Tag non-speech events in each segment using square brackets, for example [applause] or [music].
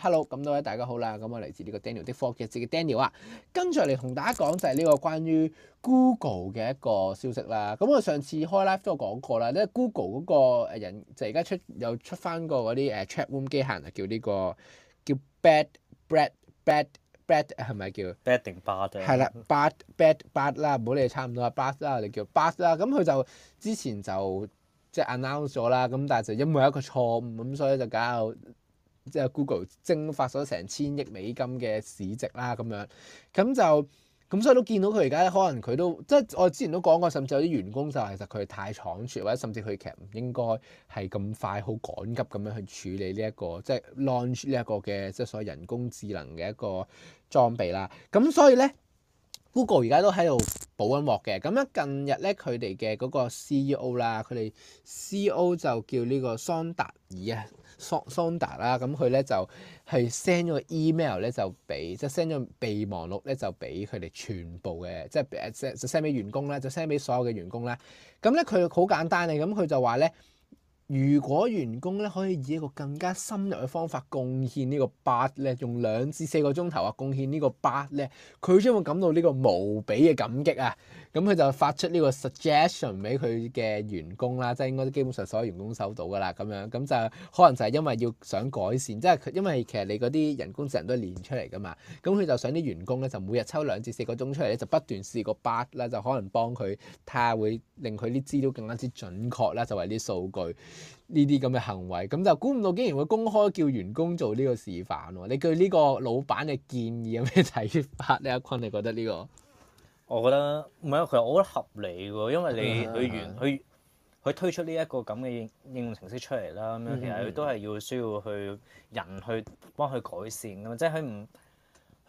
Hello，咁多位大家好啦，咁我嚟自呢個 Daniel 的科技日誌嘅 Daniel 啊，跟住嚟同大家講就係呢個關於 Google 嘅一個消息啦。咁我上次開 live 都有講過啦，呢 Google 嗰個誒人就而家出有出翻個嗰啲誒 chatroom 機械人啊，叫呢、這個叫 Bad, Brad, Bad Bad Bad。Bet，是是 or Bard，係咪叫 Bard 定 Bard？係啦，Bard、Bard、Bard 啦，唔好理，差唔多啦，Bard 啦，我哋叫 Bard 啦，咁、嗯、佢就之前就即係 announce 咗啦，咁、就是、但係就因為一個錯誤咁，所以就搞到即、就、係、是、Google 蒸發咗成千億美金嘅市值啦，咁樣咁就。嗯嗯。咁所以都見到佢而家可能佢都即係我之前都講過，甚至有啲員工就其實佢太倉促，或者甚至佢其實唔應該係咁快、好趕急咁樣去處理呢一個即係 launch 呢一個嘅即係所謂人工智能嘅一個裝備啦。咁所以咧，Google 而家都喺度。好幽默嘅，咁啊、嗯、近日咧佢哋嘅嗰個 CEO 啦，佢哋 CEO 就叫呢個桑達爾啊，桑桑達啦，咁佢咧就係 send 咗個 email 咧就俾，即係 send 咗備忘錄咧就俾佢哋全部嘅，即係 send send 俾員工啦，就 send 俾所有嘅員工啦。咁咧佢好簡單嘅，咁佢就話咧。如果員工咧可以以一個更加深入嘅方法貢獻呢個 Bard 咧，用兩至四個鐘頭啊貢獻呢個 Bard 咧，佢將會感到呢個無比嘅感激啊！咁佢就發出呢個 suggestion 俾佢嘅員工啦，即係應該基本上所有員工收到㗎啦，咁樣咁就可能就係因為要想改善，即係因為其實你嗰啲人工智能都係練出嚟㗎嘛，咁佢就想啲員工咧就每日抽兩至四個鐘出嚟咧，就不斷試個 Bard 啦，就可能幫佢睇下會令佢啲資料更加之準確啦，就係啲數據。呢啲咁嘅行為，咁就估唔到竟然會公開叫員工做呢個示範喎。你對呢個老闆嘅建議有咩睇法呢？阿坤，你覺得呢個？我覺得唔係，其實我覺得合理喎，因為你去完佢佢推出呢一個咁嘅應應用程式出嚟啦，咁樣其實佢都係要需要去人去幫佢改善噶嘛，即係佢唔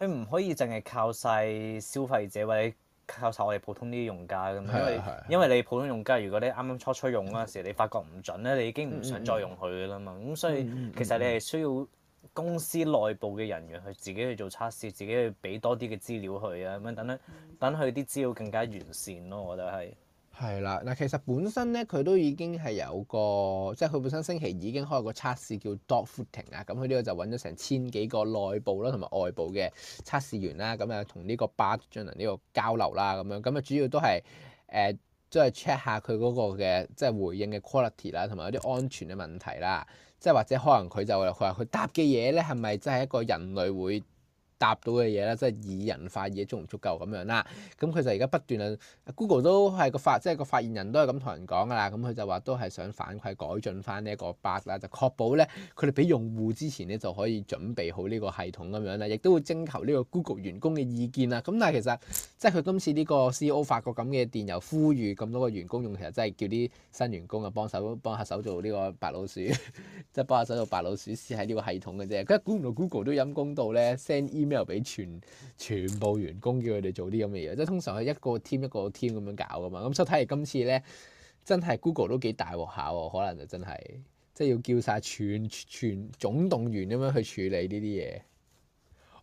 佢唔可以淨係靠曬消費者或者。靠晒我哋普通啲用家咁，因為因為你普通用家，如果你啱啱初初用嗰陣時，你發覺唔準咧，你已經唔想再用佢噶啦嘛，咁所以其實你係需要公司內部嘅人員去自己去做測試，自己去俾多啲嘅資料佢啊，咁樣等等等佢啲資料更加完善咯，我覺得係。係啦，嗱其實本身咧，佢都已經係有個，即係佢本身星期已經開個測試叫 DogFooting 啊，咁佢呢個就揾咗成千幾個內部啦同埋外部嘅測試員啦，咁啊同呢個 Bard 進行呢個交流啦，咁樣咁啊主要都係誒、呃，都係 check 下佢嗰個嘅即係回應嘅 quality 啦，同埋有啲安全嘅問題啦，即係或者可能佢就佢話佢答嘅嘢咧係咪真係一個人類會答到嘅嘢啦，即係以人化嘢足唔足夠咁樣啦，咁佢就而家不斷啊，Google 都係個發，即係個發言人都係咁同人講噶啦，咁佢就話都係想反饋改進翻呢一個 bug 啦，就確保咧佢哋俾用戶之前咧就可以準備好呢個系統咁樣啦，亦都會徵求呢個 Google 員工嘅意見啦。咁但係其實即係佢今次呢個 CEO 發個咁嘅電郵呼籲咁多個員工用，其實真係叫啲新員工啊幫手幫下手做呢個白老鼠，即係幫下手做白老鼠試喺呢個系統嘅啫，佢估唔到 Google 都陰公到咧 send email 又俾全全部員工叫佢哋做啲咁嘅嘢，即係通常係一個 team 一個 team 咁樣搞噶嘛，咁所以睇嚟今次呢真係 Google 都幾大鑊下喎，可能就真係即係要叫晒全全總動員咁樣去處理呢啲嘢，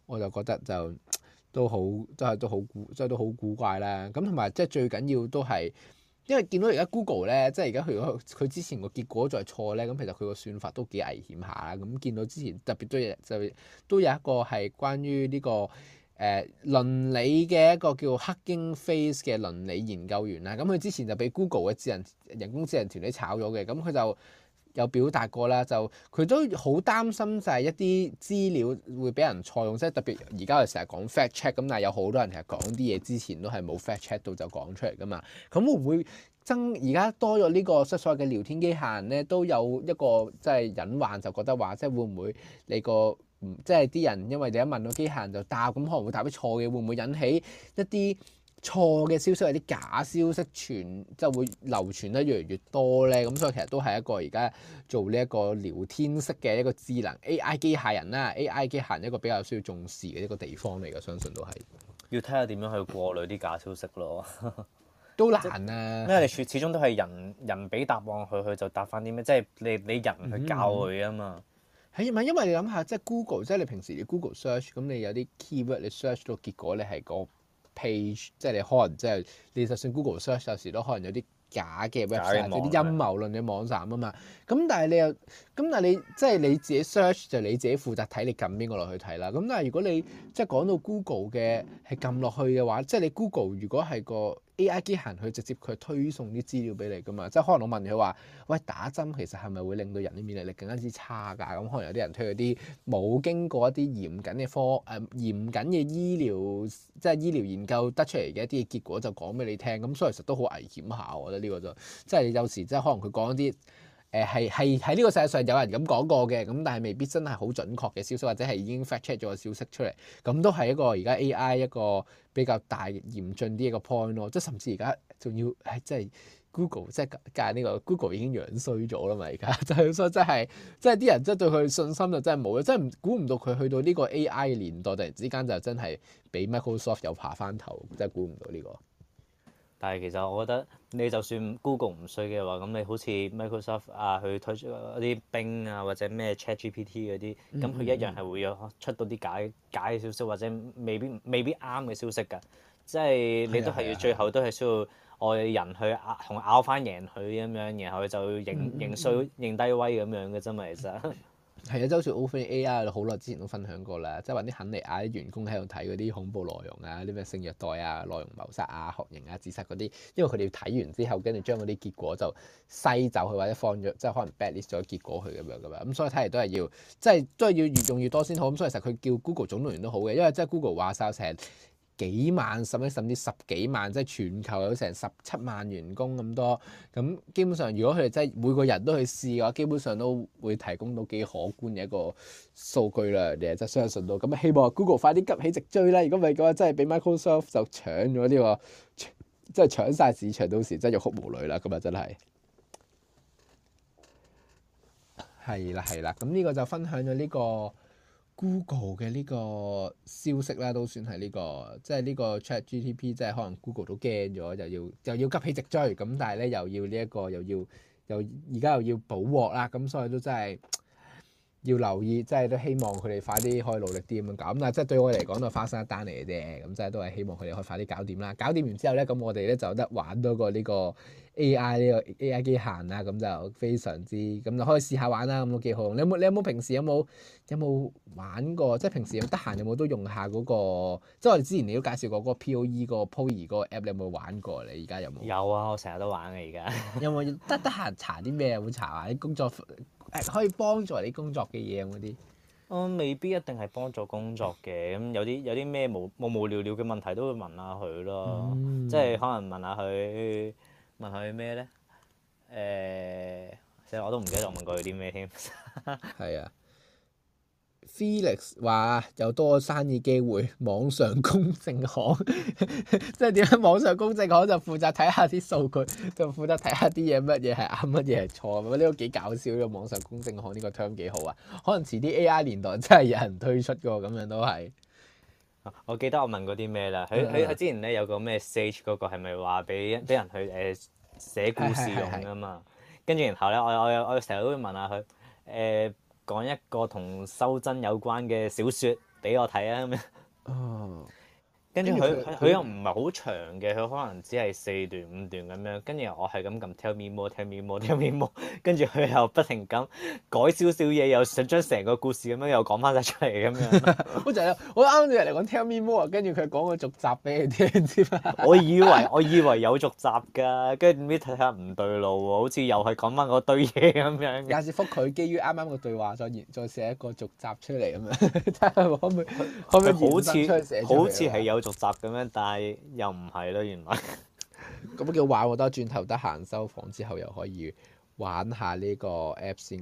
我就覺得就都好即係都，都，都好古即係都好古怪啦。咁同埋即係最緊要都係。因為見到而家 Google 咧，即係而家佢佢之前個結果再錯咧，咁其實佢個算法都幾危險下啦。咁見到之前特別多嘢，就都有一個係關於呢、這個誒、呃、倫理嘅一個叫 Hugging Face 嘅倫理研究員啦。咁佢之前就俾 Google 嘅智能人，人工智能團隊炒咗嘅，咁佢就。有表達過啦，就佢都好擔心就係一啲資料會俾人錯用，即係特別而家又成日講 fact check 咁，但係有好多人其實講啲嘢之前都係冇 fact check 到就講出嚟噶嘛，咁會唔會增而家多咗呢個即係所謂嘅聊天機械人咧，都有一個即係隱患，就覺得話即係會唔會你個即係啲人因為你一問到機械人就答，咁可能會答啲錯嘅，會唔會引起一啲錯嘅消息係啲假消息傳就會流傳得越嚟越多咧，咁所以其實都係一個而家做呢一個聊天式嘅一個智能 AI 機械人啦、啊、，AI 機械人一個比較需要重視嘅一個地方嚟㗎，相信都係。要睇下點樣去過濾啲假消息咯， [laughs] 都難啊。咩即？因為你始終都係人人俾答案佢，佢就答翻啲咩？即係你你人去教佢啊嘛。係咪、嗯嗯、因為你諗下即係 Google，即係你平時你 Google search 咁，你有啲 keyword 你 search 到結果你係、那個。page 即係你可能即係你就算 Google search 有時都可能有啲。假嘅 w e 啲陰謀論嘅網站啊嘛，咁但係你又，咁但係你即係、就是、你自己 search 就你自己負責睇，你撳邊個落去睇啦。咁但係如果你即係講到 Google 嘅係撳落去嘅話，即係你 Google 如果係個 AI 機器人，佢直接佢推送啲資料俾你噶嘛。即就可能我問佢話，喂打針其實係咪會令到人啲免疫力，力更加之差㗎？咁、嗯、可能有啲人推嗰啲冇經過一啲嚴謹嘅科誒、啊、嚴謹嘅醫療即係醫療研究得出嚟嘅一啲嘅結果就講俾你聽，咁、嗯、所以其實都好危險下，我覺得。呢個就即係有時即係可能佢講一啲誒，係係喺呢個世界上有人咁講過嘅咁，但係未必真係好準確嘅消息，或者係已經 fact check 咗個消息出嚟，咁都係一個而家 AI 一個比較大嚴峻啲一個 point 咯。即係甚至而家仲要係、哎、真係 Google，即係加呢、這個 Google 已經樣衰咗啦嘛。而家就所以真係，即係啲人真係對佢信心就真係冇啦。真係估唔到佢去到呢個 AI 嘅年代，突然之間就真係畀 Microsoft 又爬翻頭，真係估唔到呢、這個。但係其實我覺得你就算 Google 唔衰嘅話，咁你好似 Microsoft 啊，佢推出嗰啲 Bing 啊，或者咩 ChatGPT 嗰啲，咁佢一樣係會有出到啲假假嘅消息，或者未必未必啱嘅消息㗎。即係你都係要最後都係需要外人去拗同拗翻贏佢咁樣，然後就認認衰認低威咁樣嘅啫嘛，其實。係啊，即係好似 OpenAI 啊，好耐之前都分享過啦。即係話啲肯尼亞啲員工喺度睇嗰啲恐怖內容啊，啲咩性虐待啊、內容謀殺啊、學型啊、自殺嗰啲，因為佢哋睇完之後，跟住將嗰啲結果就篩走佢，或者放咗，即係可能 blacklist 咗結果佢咁樣噶嘛。咁、嗯、所以睇嚟都係要，即、就、係、是、都係要越用越多先好。咁、嗯、所以其實佢叫 Google 總動員都好嘅，因為即係 Google 話曬成。幾萬，甚至甚至十幾萬，即係全球有成十七萬員工咁多。咁基本上，如果佢哋真係每個人都去試嘅話，基本上都會提供到幾可觀嘅一個數據啦。你係真相信到？咁希望 Google 快啲急起直追啦！如果唔係嘅話，真係俾 Microsoft 就搶咗呢個，即係搶晒市場，到時真係欲哭無淚啦！咁啊，真係。係啦。係啦。咁呢個就分享咗呢個。Google 嘅呢個消息啦，都算係呢個，即係呢個 ChatGTP，即係可能 Google 都驚咗，又要又要急起直追，咁但係咧又要呢一個又要又而家又要補鑊啦，咁所以都真係。要留意，即係都希望佢哋快啲可以努力啲咁樣搞。咁啊，即係對我嚟講都係花生一單嚟嘅啫。咁即係都係希望佢哋可以快啲搞掂啦。搞掂完之後咧，咁我哋咧就得玩多個呢個 AI 呢個 AI 機械啦。咁就非常之咁就可以試下玩啦。咁都幾好用。你有冇你有冇平時有冇有冇玩過？即係平時有得閒有冇都用下嗰個？即係我哋之前你都介紹過嗰個 POE 嗰個 POE 嗰個 app，你有冇玩過？你而家有冇？有啊，我成日都玩嘅而家。有冇得得閒查啲咩啊？會查啊？啲工作。誒、哎、可以幫助你工作嘅嘢咁嗰啲，我、哦、未必一定係幫助工作嘅，咁有啲有啲咩無無無聊聊嘅問題都會問下佢咯，嗯、即係可能問下佢問下佢咩咧？誒、欸，成日我都唔記得我問過佢啲咩添，係 [laughs] 啊。Felix 話有多生意機會，網上公正行， [laughs] 即係點樣？網上公正行就負責睇下啲數據，就負責睇下啲嘢乜嘢係啱，乜嘢係錯。咁、這、呢個幾搞笑嘅、這個、網上公正行呢個 term 幾好啊！可能遲啲 AI 年代真係有人推出個咁樣都係。我記得我問過啲咩啦？佢佢的之前咧有個咩 Sage 嗰個係咪話俾俾人去誒寫故事用噶嘛？跟住然後咧，我我我成日都會問下佢誒。呃講一個同修真有關嘅小説俾我睇啊！ [laughs] 跟住佢佢又唔係好長嘅，佢可能只係四段五段咁樣。跟住我係咁撳 Tell me more, tell me more, [laughs] 害 [laughs] tell me more。跟住佢又不停咁改少少嘢，又想將成個故事咁樣又講翻晒出嚟咁樣。好就係我啱啱就嚟講 Tell me more，跟住佢講個續集俾你聽，你知嗎？我以為我以為有續集㗎，跟住點知睇下唔對路喎、哦，好似又係講翻嗰堆嘢咁樣。又是復佢基於啱啱個對話再再寫一個續集出嚟咁樣，睇 [laughs] 下可唔可唔可唔延伸出去寫出嚟好似像好似係有。續集咁樣，但係又唔係咯。原來咁叫玩喎，得，轉頭得閒收房之後，又可以玩下呢個 app 先。